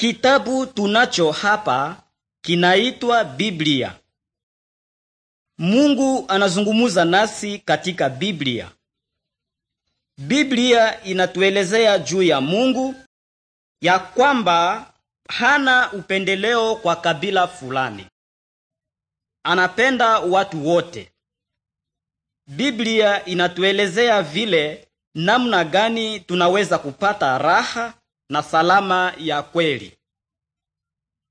Kitabu tunacho hapa kinaitwa Biblia. Mungu anazungumuza nasi katika Biblia. Biblia inatuelezea juu ya Mungu ya kwamba hana upendeleo kwa kabila fulani. Anapenda watu wote. Biblia inatuelezea vile namna gani tunaweza kupata raha na salama ya kweli.